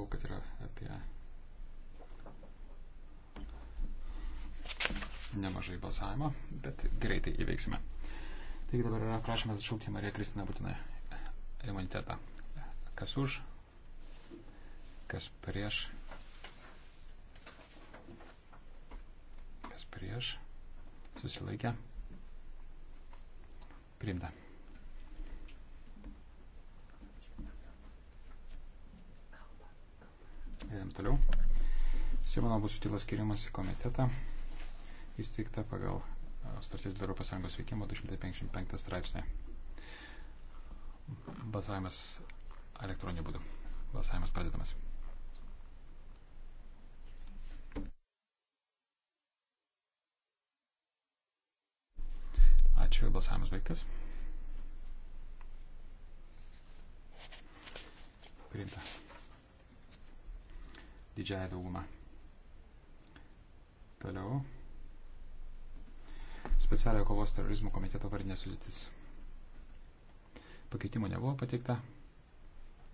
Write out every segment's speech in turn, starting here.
matau, kad yra apie nemažai balsavimo, bet greitai įveiksime. Taigi dabar yra prašymas atšaukti Mariją Kristiną Būtiną imunitetą. Kas už, kas prieš, kas prieš, susilaikę, priimta. Einam toliau. Simono Busutilo skirimas į komitetą įsteigta pagal Starties dėl Europos Sąjungos veikimo 255 straipsnė. Balsavimas elektroniniu būdu. Balsavimas pradedamas. Ačiū, balsavimas baigtas. Priimta didžiąją daugumą. Toliau. Specialiojo kovos terorizmo komiteto vardinė sudėtis. Pakeitimų nebuvo pateikta.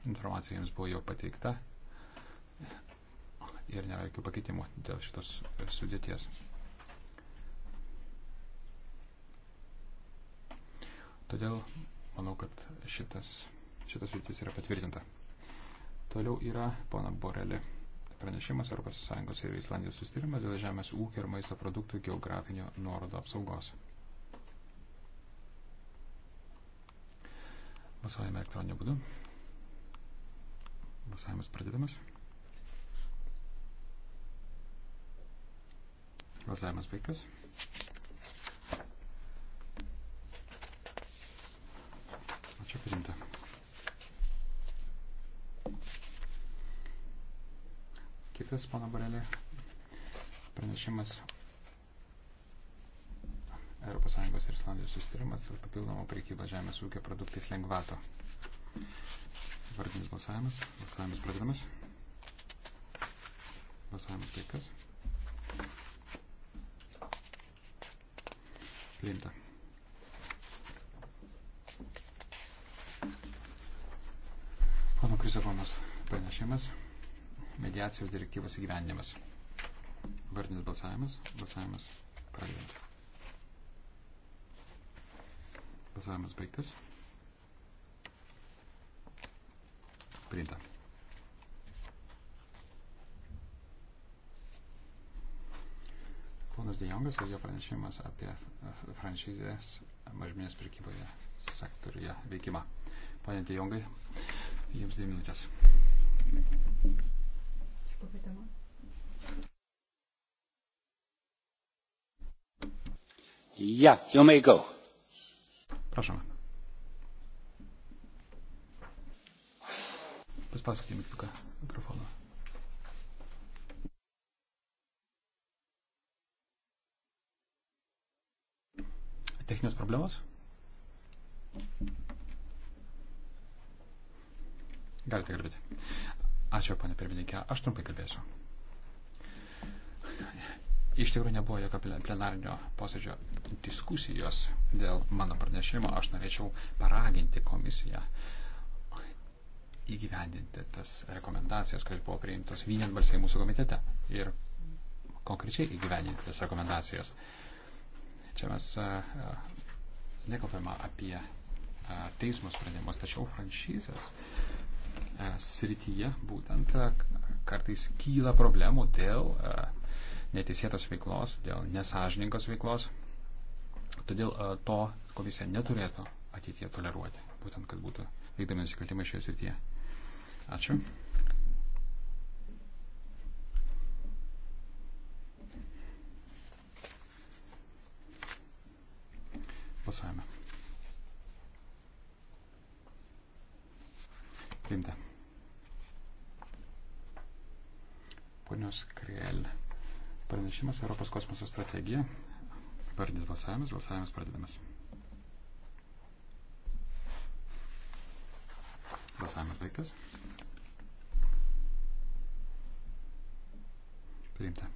Informacija jums buvo jau pateikta. Ir nėra jokių pakeitimų dėl šitos sudėties. Todėl manau, kad šitas, šitas sudėtis yra patvirtinta. Toliau yra pana Borelė pranešimas ES ir Islandijos sustarimas dėl žemės ūkio ir maisto produktų geografinio nuorodo apsaugos. Balsavime elektroniniu būdu. Balsavimas pradedamas. Balsavimas baigtas. kitas pono Borelė pranešimas. ES ir Islandijos sustarimas dėl papildomo priekybo žemės ūkio produktais lengvato. Vardinis balsavimas. Balsavimas pradedamas. Balsavimas taikas. Priimta. Pono Krisovonas pranešimas mediacijos direktyvos įgyvendimas. Vardinis balsavimas. Balsavimas pradedamas. Balsavimas baigtas. Priimta. Ponas Dejongas ir jo pranešimas apie franšizės mažminės prekyboje sektoriuje veikimą. Pane Dejongai, jums dvi minutės pakeitimą. Ja, you may go. Proszę. Paspauskite mygtuką mikrofono. Techninės problemos? Galite kalbėti. Ačiū, ponė pirmininkė. Aš trumpai kalbėsiu. Iš tikrųjų nebuvo jokio plenarinio posėdžio diskusijos dėl mano pranešimo. Aš norėčiau paraginti komisiją įgyvendinti tas rekomendacijas, kurios buvo priimtos vienbalsiai mūsų komitete ir konkrečiai įgyvendinti tas rekomendacijas. Čia mes nekalbame apie teismo sprendimus, tačiau franšizės E, srityje būtent e, kartais kyla problemų dėl e, neteisėtos veiklos, dėl nesažininkos veiklos. Todėl to komisija neturėtų ateityje toleruoti, būtent kad būtų vykdomi nusikaltimai šioje srityje. Ačiū. Balsuojame. Priimta. Ponios Kriel. Pranešimas Europos kosmoso strategija. Vardinis balsavimas. Balsavimas pradedamas. Balsavimas baigtas. Priimta.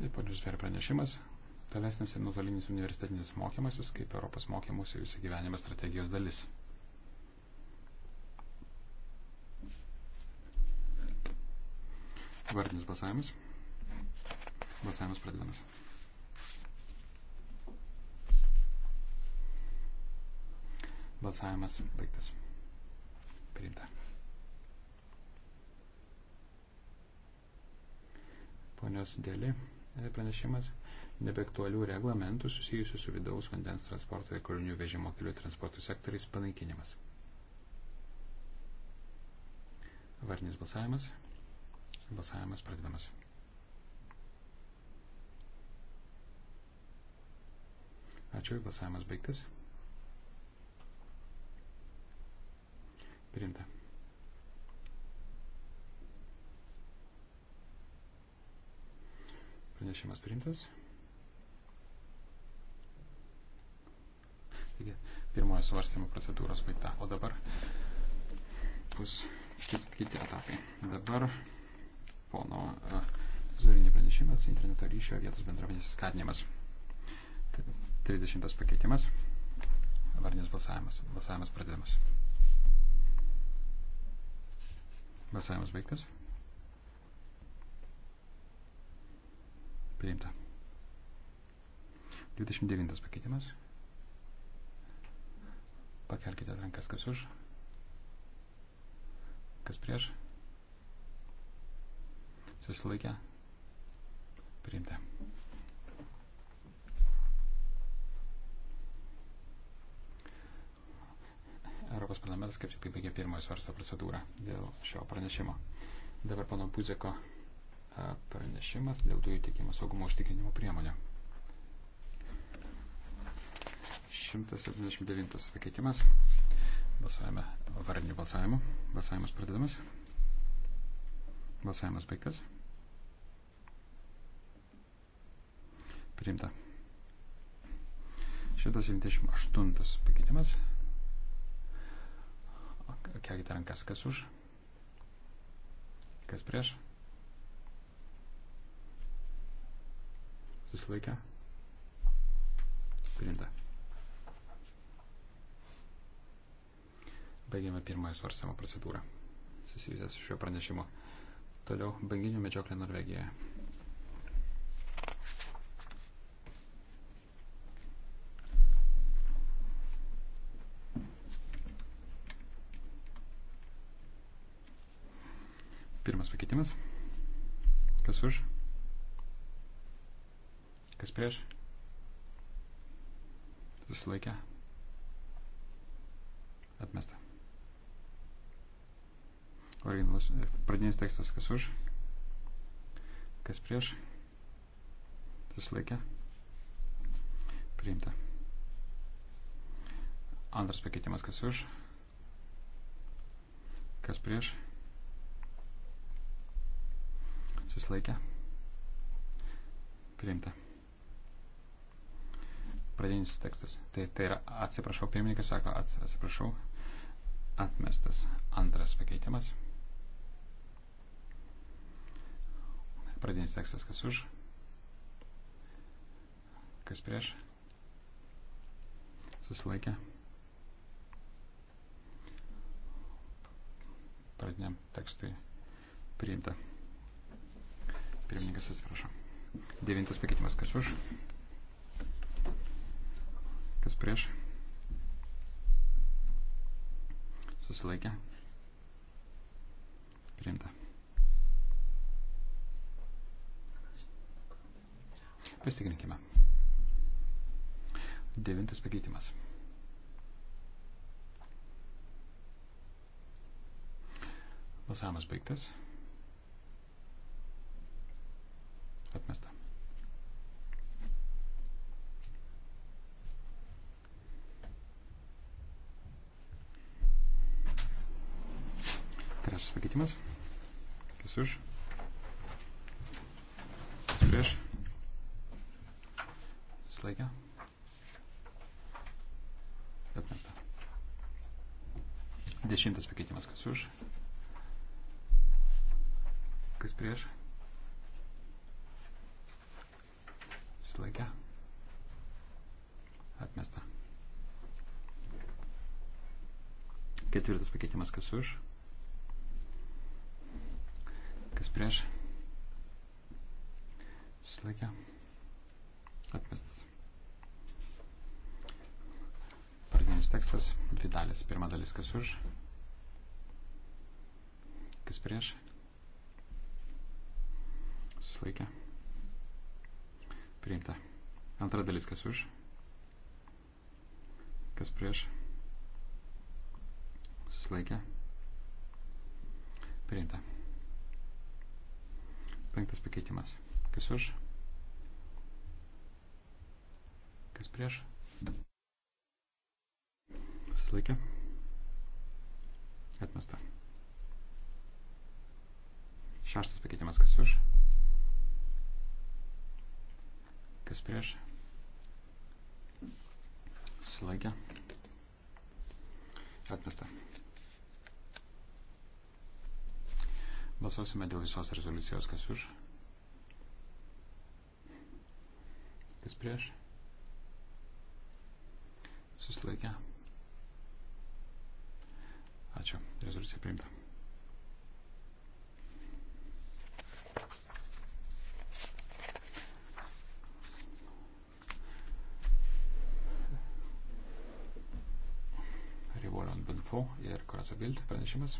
Ir ponius Ver pranešimas tolesnis ir nuotolinis universitetinis mokymasis kaip Europos mokymosi visą gyvenimą strategijos dalis. Vardinis balsavimas. Balsavimas pradedamas. Balsavimas baigtas. Priimta. Ponios dėlį pranešimas nebeaktualių reglamentų susijusių su vidaus vandens transporto ir krovinių vežimo kelių transporto sektoriais panaikinimas. Varnis balsavimas. Balsavimas pradedamas. Ačiū, balsavimas baigtas. Priimta. pranešimas priimtas. Taigi, pirmojo svarstymo procedūros baigta, o dabar bus kiti etapai. Dabar pono Zurinį pranešimas, interneto ryšio vietos bendruomenės skatinimas. 30 pakeitimas, varnis balsavimas, balsavimas pradedamas. Balsavimas baigtas. Priimta. 29 pakeitimas. Pakelkite rankas, kas už, kas prieš. Susilaikę. Priimta. Europos parlamentas kaip tik baigė pirmojo svarstą procedūrą dėl šio pranešimo. Dabar pono Puzeko pranešimas dėl dujų tiekimo saugumo užtikrinimo priemonė. 179 pakeitimas. Balsavime, variniu balsavimu. Balsavimas pradedamas. Balsavimas baigtas. Priimta. 178 pakeitimas. Kelkite rankas, kas už, kas prieš. susilaikė, priimta. Baigėme pirmąją svarstymo procedūrą susijusią su šiuo pranešimu. Toliau banginių medžioklė Norvegijoje. Pirmas pakeitimas. Kas už? Kas prieš? Susilaikę. Atmesta. Originalus. E, pradinis tekstas kas už? Kas prieš? Susilaikę. Priimta. Antras pakeitimas kas už? Kas prieš? Susilaikę. Priimta pradinis tekstas. Tai, tai yra, atsiprašau, pirmininkas sako, atsiprašau, atmestas antras pakeitimas. Pradinis tekstas, kas už, kas prieš, susilaikė. Pradiniam tekstui priimta. Pirmininkas atsiprašo. Devintas pakeitimas, kas už, prieš. Susilaikė. Priimta. Pasitikrinkime. Devintas pakeitimas. Balsavimas baigtas. Atmesta. Ketvirtas pakeitimas, kas už. Kas prieš. Susilaikė. Atmestas. Pradinis tekstas, dvi dalis. Pirma dalis, kas už. Kas prieš. Susilaikė. Priimta. Antra dalis, kas už. Kas prieš susilaikė, priimta. Penktas pakeitimas. Kas už? Kas prieš? Susilaikė. Atmesta. Šeštas pakeitimas. Kas už? Kas prieš? Susilaikė. Atmesta. Balsuosime dėl visos rezoliucijos, kas už. Kas prieš. Susilaikę. Ačiū. Rezoliucija priimta. Rivolon Benfo ir Korasabild pranešimas.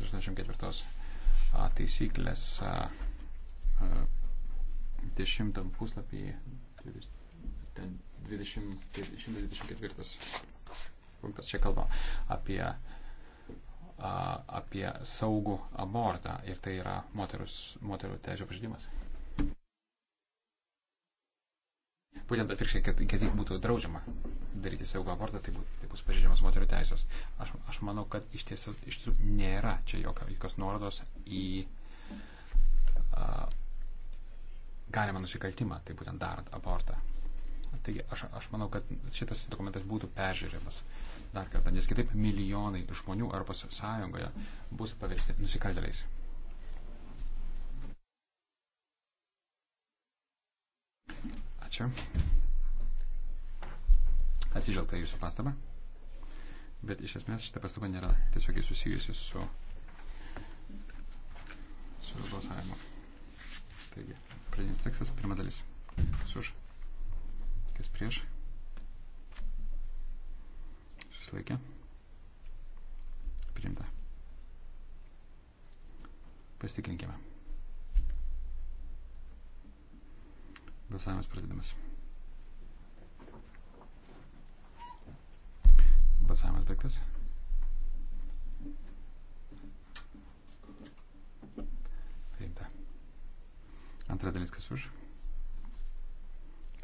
184 taisyklės 10 puslapį 124 punktas čia kalba apie, apie saugų abortą ir tai yra moterus, moterų teisų pažydimas. būtent atvirkščiai, kad, kad būtų draudžiama daryti saugų abortą, tai, būt, tai bus pažydžiamas moterio teisės. Aš, aš manau, kad iš tiesų, iš tiesų nėra čia jokios nuorodos į a, galimą nusikaltimą, tai būtent darant abortą. Taigi aš, aš manau, kad šitas dokumentas būtų peržiūrėmas dar kartą, nes kitaip milijonai žmonių Europos Sąjungoje bus paversti nusikaltėliais. Ačiū. Atsižvelgta jūsų pastaba. Bet iš esmės šitą pastabą nėra tiesiogiai susijusi su, su balsavimu. Taigi, pradinis tekstas, pirma dalis. Kas už? Kas prieš? Susilaikė? Priimta. Pasitikrinkime. Balsavimas pradedamas. Balsavimas baigtas. Priimta. Antra dalis kas už?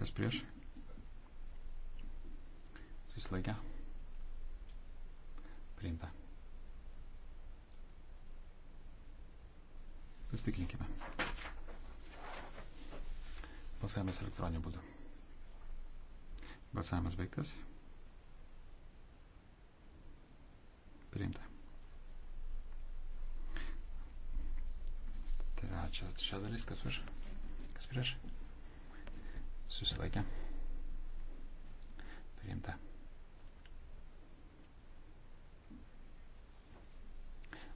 Kas prieš? Susilaikę. Priimta. Pasitikinkime. Balsavimas elektroniniu būdu. Balsavimas baigtas. Priimta. Trečias, trečia dalis, kas už, kas prieš. Susilaikė. Priimta.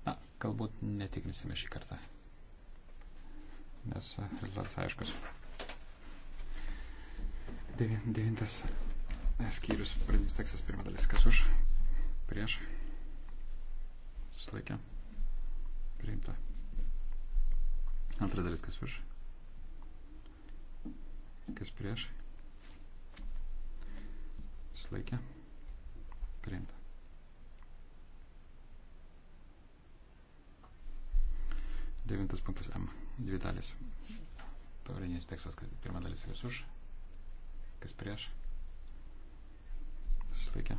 Na, galbūt netikrinsime šį kartą, nes rezultatas aiškus. Devintas skyrius, pradinis tekstas, pirma dalis, kas už, prieš, susilaikė, priimta. Antra dalis, kas už, kas prieš, susilaikė, priimta. Devintas punktas M, dvi dalis. Pavadinis tekstas, kad pirma dalis vis už, Kas prieš? Susilaikė.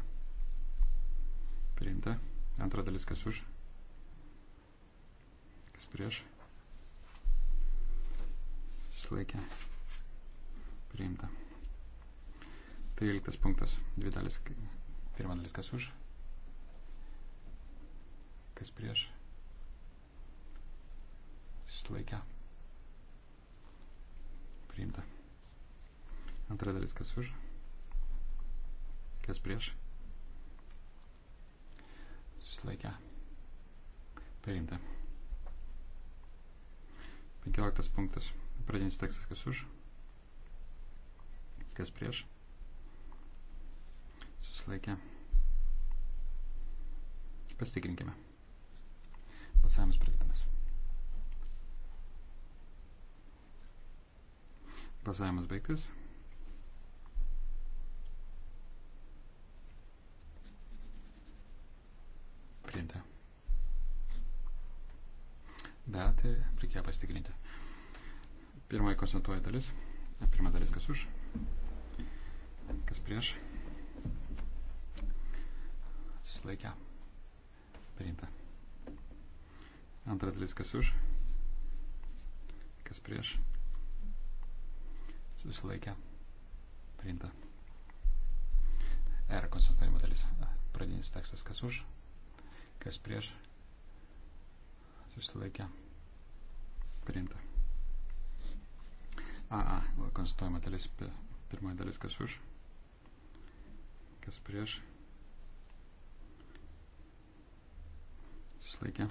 Priimta. Antra dalis kas už? Kas prieš? Susilaikė. Priimta. 13 punktas. Dvi dalis. Pirma dalis kas už? Kas prieš? Susilaikė. Priimta. Antra dalis, kas už, kas prieš. Susilaikę. Priimta. 15 punktas. Pradinis tekstas, kas už, kas prieš. Susilaikę. Pasitikrinkime. Balsavimas pradedamas. Balsavimas baigtas. Pirmoji konsentuoja dalis. Pirma dalis kas už, kas prieš. Susilaikę. Priimta. Antra dalis kas už, kas prieš. Susilaikę. Priimta. R konsentuojimo dalis. Pradinis tekstas kas už, kas prieš. Susilaikę. Priimta. AA, konstatuojama dalis, pirmoji dalis, kas už, kas prieš. Susilaikė.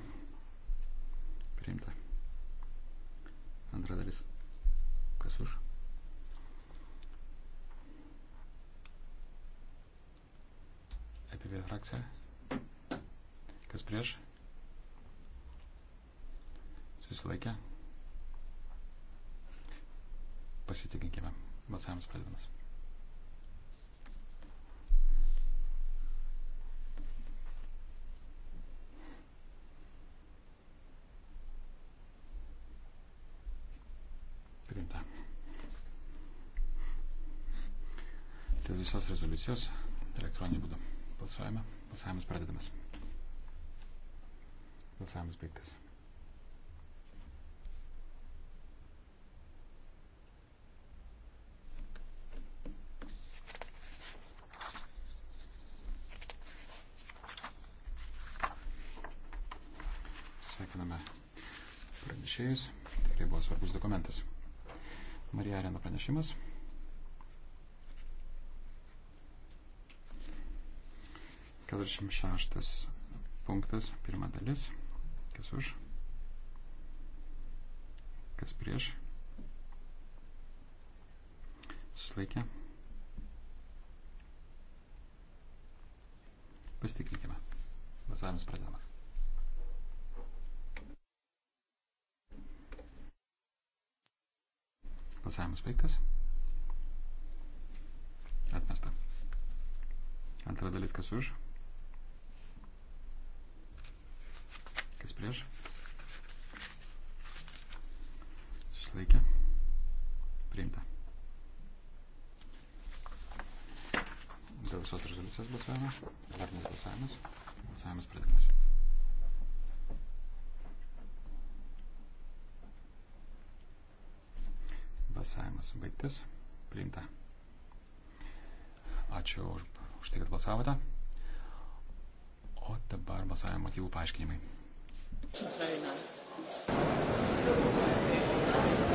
Priimta. Antra dalis. Kas už? EPV frakcija. Kas prieš? Susilaikė pasitikinkime. Balsavimas pradedamas. Priimta. Dėl visos rezoliucijos elektroniniu būdu balsuojame. Balsavimas pradedamas. Balsavimas baigtas. Sveikiname pranešėjus. Tikrai buvo svarbus dokumentas. Marija Arena pranešimas. Keturiasdešimt šeštas punktas, pirma dalis. Kas už? Kas prieš? Susilaikė. Pasitikrinkime. Balsavimas pradedamas. Balsavimas baigtas. Atmesta. Antra dalis kas už. Kas prieš. Susilaikė. Priimta. Dėl visos rezoliucijos balsavimo. Vardinis balsavimas. Balsavimas pradėtas. Balsavimas baigtas. Priimta. Ačiū už, už tai, kad balsavote. O dabar balsavimo motyvų paaiškinimai. Nice.